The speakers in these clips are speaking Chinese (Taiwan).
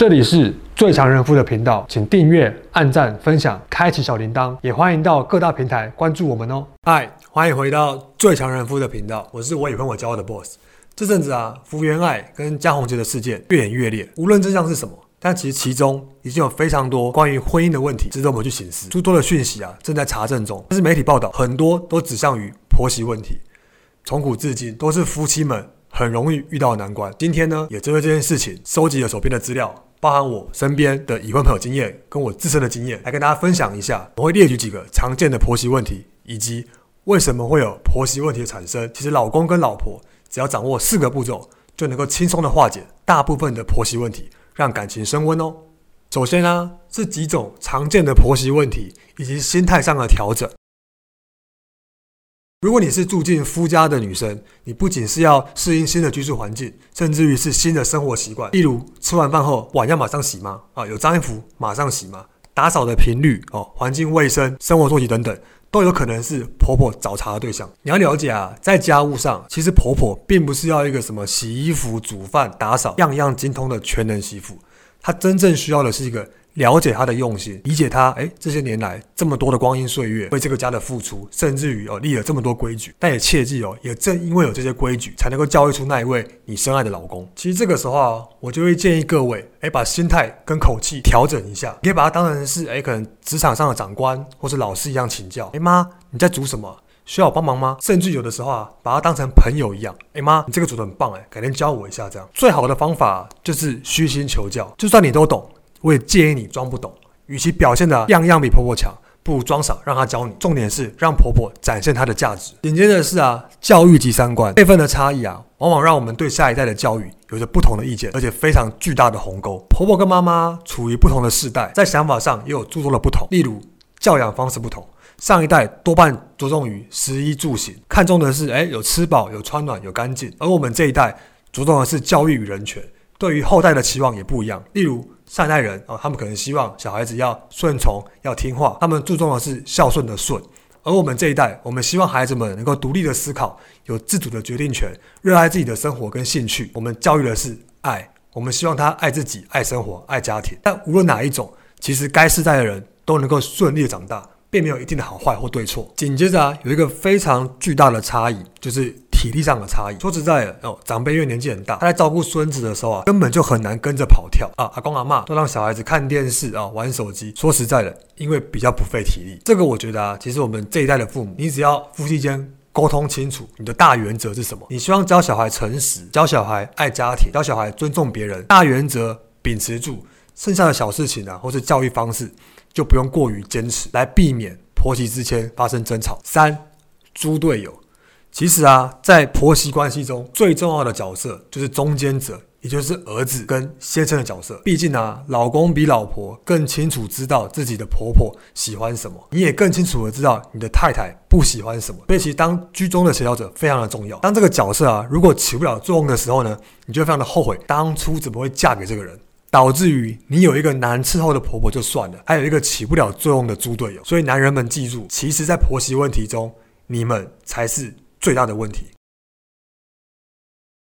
這裡是最強人夫的頻道，請訂閱、按讚、分享、開啟小鈴鐺，也歡迎到各大平台關注我們哦。嗨，歡迎回到最強人夫的頻道，我是我已婚我驕傲的 BOSS。這陣子啊，福原愛跟江宏傑的事件越演越烈，無論真相是什麼，但其實其中已經有非常多關於婚姻的問題值得我們去反思。諸多的訊息啊，正在查證中，但是媒體報道很多都指向於婆媳問題，從古至今都是夫妻們很容易遇到的難關。今天呢，也針對這件事情收集了手邊的資料。包含我身邊的已婚朋友經驗，跟我自身的經驗來跟大家分享一下。我會列舉幾個常見的婆媳問題，以及為什麼會有婆媳問題的產生。其實，老公跟老婆只要掌握四個步驟，就能夠輕鬆的化解大部分的婆媳問題，讓感情升溫哦。首先呢，啊，是幾種常見的婆媳問題以及心態上的調整。如果你是住進夫家的女生，你不僅是要適應新的居住環境，甚至於是新的生活習慣，例如吃完飯後碗要馬上洗嗎？啊，有髒衣服馬上洗嗎？打掃的頻率哦，環境衛生、生活作息等等，都有可能是婆婆找茬的對象。你要了解啊，在家務上，其實婆婆並不是要一個什麼洗衣服、煮飯、打掃樣樣精通的全能媳婦，她真正需要的是一個。了解他的用心，理解他，哎，這些年來這麼多的光陰歲月為這個家的付出，甚至於哦立了這麼多規矩，但也切記哦，也正因為有這些規矩，才能夠教育出那一位你深愛的老公。其實這個時候啊，我就會建議各位，哎，把心態跟口氣調整一下，你可以把它當成是哎，可能職場上的長官或者老師一樣請教。哎媽，你在煮什麼？需要我幫忙嗎？甚至有的時候啊，把它當成朋友一樣。哎媽，你這個煮的很棒，哎，改天教我一下這樣。最好的方法就是虛心求教，就算你都懂。我也建議你裝不懂，與其表現得樣樣比婆婆強，不如裝傻讓她教你。重點是讓婆婆展現她的價值。緊接着是啊，教育及三觀、輩分的差異啊，往往讓我們對下一代的教育有着不同的意見，而且非常巨大的鴻溝。婆婆跟媽媽處於不同的世代，在想法上也有諸多的不同。例如，教養方式不同，上一代多半着重於食衣住行，看重的是哎、欸、有吃飽、有穿暖、有乾淨；而我們這一代着重的是教育與人權，對於後代的期望也不一樣。例如。上一代人啊，他們可能希望小孩子要順從、要聽話，他們注重的是孝順的順。而我們這一代，我們希望孩子們能夠獨立的思考，有自主的決定權，熱愛自己的生活跟興趣。我們教育的是愛，我們希望他愛自己、愛生活、愛家庭。但無論哪一種，其實該世代的人都能夠順利的長大，並沒有一定的好壞或對錯。緊接着啊，有一個非常巨大的差異，就是。體力上的差異，說實在的哦，長輩因為年紀很大，他在照顧孫子的時候啊，根本就很難跟着跑跳啊。阿公阿嬤都讓小孩子看電視啊，玩手機。說實在的，因為比較不費體力，這個我覺得啊，其實我們這一代的父母，你只要夫妻間溝通清楚你的大原則是什麼，你希望教小孩誠實，教小孩愛家庭，教小孩尊重別人，大原則秉持住，剩下的小事情啊，或是教育方式，就不用過於堅持，來避免婆媳之間發生爭吵。三，豬隊友。其實啊，在婆媳關係中最重要的角色就是中間者，也就是兒子跟先生的角色。畢竟啊，老公比老婆更清楚知道自己的婆婆喜歡什麼，你也更清楚的知道你的太太不喜歡什麼。所以，其實當居中的協調者非常的重要。當這個角色啊，如果起不了作用的時候呢，你就會非常的後悔當初怎麼會嫁給這個人，導致於你有一個難伺候的婆婆就算了，還有一個起不了作用的豬隊友。所以，男人們記住，其實，在婆媳問題中，你們才是。最大的問題，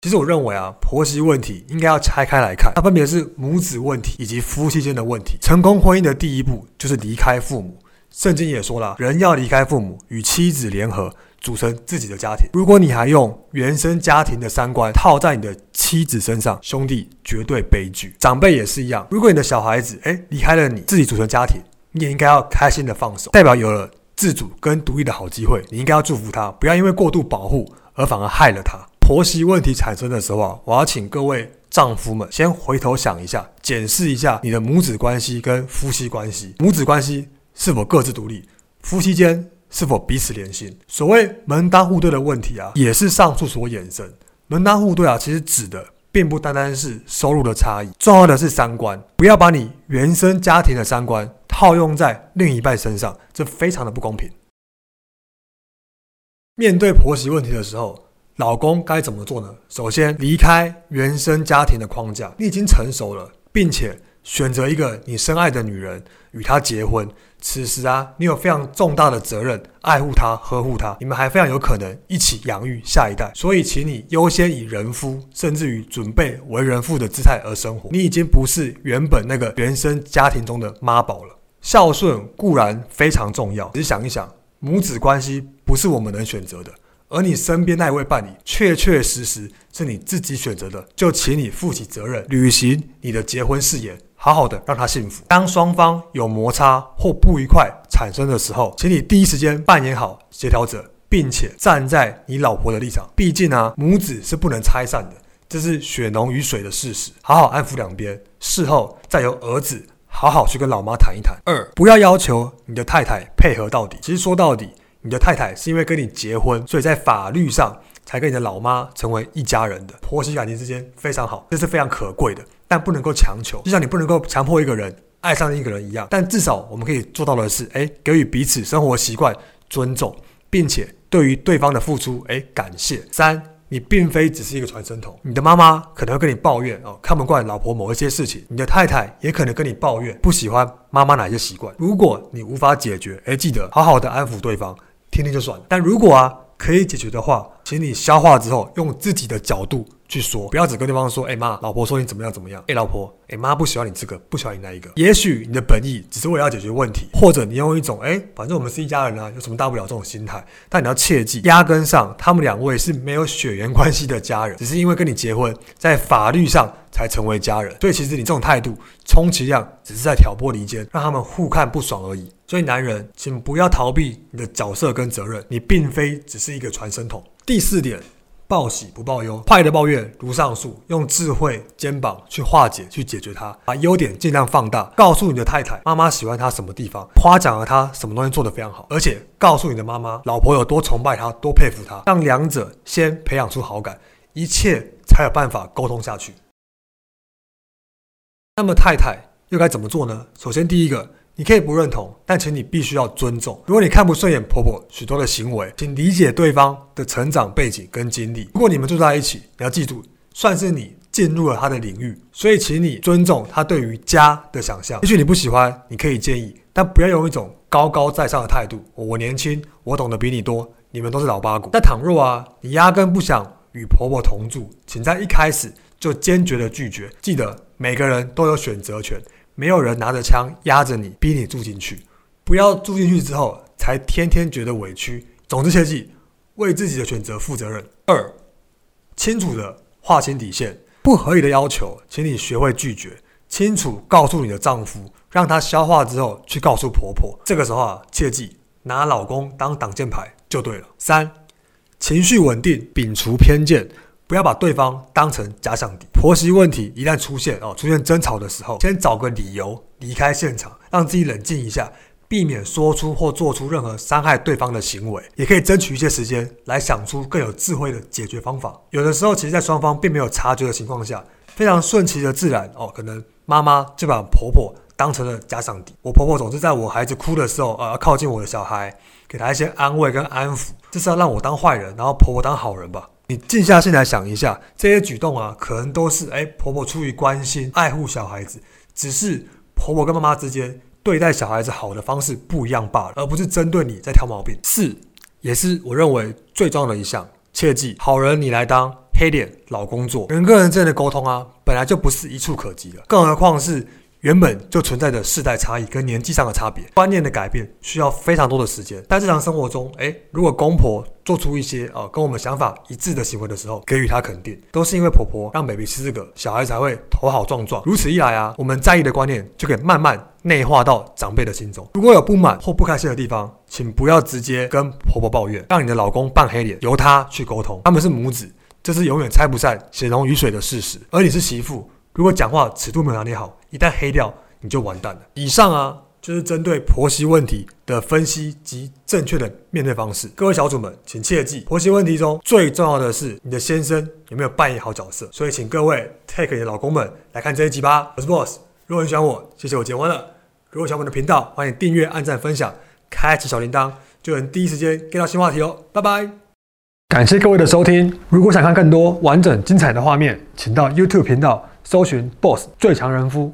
其實我認為啊，婆媳問題應該要拆開來看，它分別是母子問題以及夫妻間的問題。成功婚姻的第一步就是離開父母。聖經也說了，人要離開父母，與妻子聯合，組成自己的家庭。如果你還用原生家庭的三觀套在你的妻子身上，兄弟絕對悲劇。長輩也是一樣，如果你的小孩子誒離開了你，自己組成家庭，你也應該要開心的放手，代表有了。自主跟獨立的好機會，你應該要祝福他，不要因為過度保護而反而害了他。婆媳問題產生的時候啊，我要請各位丈夫們先回頭想一下，檢視一下你的母子關係跟夫妻關係，母子關係是否各自獨立，夫妻間是否彼此連心。所謂門當戶對的問題啊，也是上述所衍生。門當戶對啊，其實指的並不單單是收入的差異，重要的是三觀。不要把你原生家庭的三觀。套用在另一半身上，這非常的不公平。面對婆媳問題的時候，老公該怎麼做呢？首先，離開原生家庭的框架，你已經成熟了，並且選擇一個你深愛的女人與她結婚。此時啊，你有非常重大的責任，愛護她，呵護她。你們還非常有可能一起養育下一代。所以，請你優先以人夫，甚至於準備為人父的姿態而生活。你已經不是原本那個原生家庭中的媽寶了。孝順固然非常重要，仔細想一想，母子關係不是我們能選擇的，而你身邊那一位伴侶，確確實實是，是你自己選擇的，就請你負起責任，履行你的結婚誓言，好好的讓他幸福。當雙方有摩擦或不愉快產生的時候，請你第一時間扮演好協調者，並且站在你老婆的立場，畢竟啊，母子是不能拆散的，這是血濃於水的事實。好好安撫兩邊，事後再由兒子。好好去跟老媽談一談。二，不要要求你的太太配合到底。其實說到底，你的太太是因為跟你結婚，所以在法律上才跟你的老媽成為一家人的。婆媳感情之間非常好，這是非常可貴的，但不能夠強求。就像你不能夠強迫一個人愛上一個人一樣。但至少我們可以做到的是，誒，給予彼此生活習慣尊重，並且對於對方的付出，誒，感謝。三。你並非只是一個傳聲筒，你的媽媽可能會跟你抱怨哦，看不慣老婆某一些事情，你的太太也可能跟你抱怨，不喜歡媽媽哪一些習慣。如果你無法解決，誒，哎，記得好好的安撫對方，聽聽就算了。但如果啊，可以解決的話。請你消化之後，用自己的角度去說，不要只跟對方說：“哎，媽，老婆說你怎麼樣怎麼樣。”哎，老婆，哎，媽不喜歡你這個，不喜歡你那一個。也許你的本意只是為了要解決問題，或者你用一種“哎，反正我們是一家人啊，有什麼大不了”這種心態。但你要切記，壓根上他們兩位是沒有血緣關係的家人，只是因為跟你結婚，在法律上才成為家人，所以其實你這種態度，充其量只是在挑撥離間，讓他們互看不爽而已。所以男人，請不要逃避你的角色跟責任，你並非只是一個傳聲筒。第四點，報喜不報憂，壞的抱怨如上述，用智慧肩膀去化解、去解決它，把優點盡量放大，告訴你的太太、媽媽喜歡他什麼地方，誇獎了他什麼東西做得非常好，而且告訴你的媽媽，老婆有多崇拜他、多佩服他，讓兩者先培養出好感，一切才有辦法溝通下去。那麼太太又該怎麼做呢？首先，第一個，你可以不認同，但請你必須要尊重。如果你看不順眼婆婆許多的行為，請理解對方的成長背景跟經歷。如果你們住在一起，你要記住，算是你進入了她的領域，所以請你尊重她對於家的想象。也許你不喜歡，你可以建議，但不要用一種高高在上的態度。我年輕，我懂得比你多，你們都是老八股。但倘若啊，你壓根不想與婆婆同住，請在一開始就堅決的拒絕。記得。每個人都有選擇權，沒有人拿着槍壓着你逼你住進去。不要住進去之後才天天覺得委屈。總之，切記為自己的選擇負責任。二，清楚的劃清底線，不合理的要求，請你學會拒絕。清楚告訴你的丈夫，讓他消化之後去告訴婆婆。這個時候啊，切記拿老公當擋箭牌就對了。三，情緒穩定，摒除偏見。不要把對方當成假想敵。婆媳問題一旦出現哦，出現爭吵的時候，先找個理由離開現場，讓自己冷靜一下，避免說出或做出任何傷害對方的行為，也可以爭取一些時間來想出更有智慧的解決方法。有的時候，其實在雙方並沒有察覺的情況下，非常順其的自然哦，可能媽媽就把婆婆當成了假想敵。我婆婆總是在我孩子哭的時候，呃，靠近我的小孩，給他一些安慰跟安撫，這是要讓我當壞人，然後婆婆當好人吧。你靜下心來想一下，這些舉動啊，可能都是誒、哎、婆婆出於關心愛護小孩子，只是婆婆跟媽媽之間對待小孩子好的方式不一樣罷了，而不是針對你在挑毛病。四也是我認為最重要的一項，切記好人你來當，黑臉老公做。人跟人之間的溝通啊，本來就不是一蹴可幾的，更何況是。原本就存在着世代差異跟年紀上的差別，觀念的改變需要非常多的時間。在日常生活中，哎、欸，如果公婆做出一些呃跟我們想法一致的行為的時候，給予他肯定，都是因為婆婆讓 baby 吃這個，小孩才會頭好壯壯。如此一來啊，我們在意的觀念就可以慢慢內化到長輩的心中。如果有不滿或不開心的地方，請不要直接跟婆婆抱怨，讓你的老公扮黑臉，由他去溝通。他們是母子，這是永遠拆不散、血濃於水的事實，而你是媳婦。如果講話尺度沒有拿捏好，一旦黑掉，你就完蛋了。以上啊，就是針對婆媳問題的分析及正確的面對方式。各位小主們，請切記，婆媳問題中最重要的是你的先生有沒有扮演好角色。所以，請各位 take 你的老公們來看這一集吧。我是 Boss，如果你喜歡我，謝謝我結婚了。如果喜歡我的頻道，歡迎訂閱、按贊、分享、開啟小鈴鐺，就能第一時間 get 到新話題哦。拜拜，感謝各位的收聽。如果想看更多完整精彩的畫面，請到 YouTube 頻道。搜尋 BOSS 最強人夫。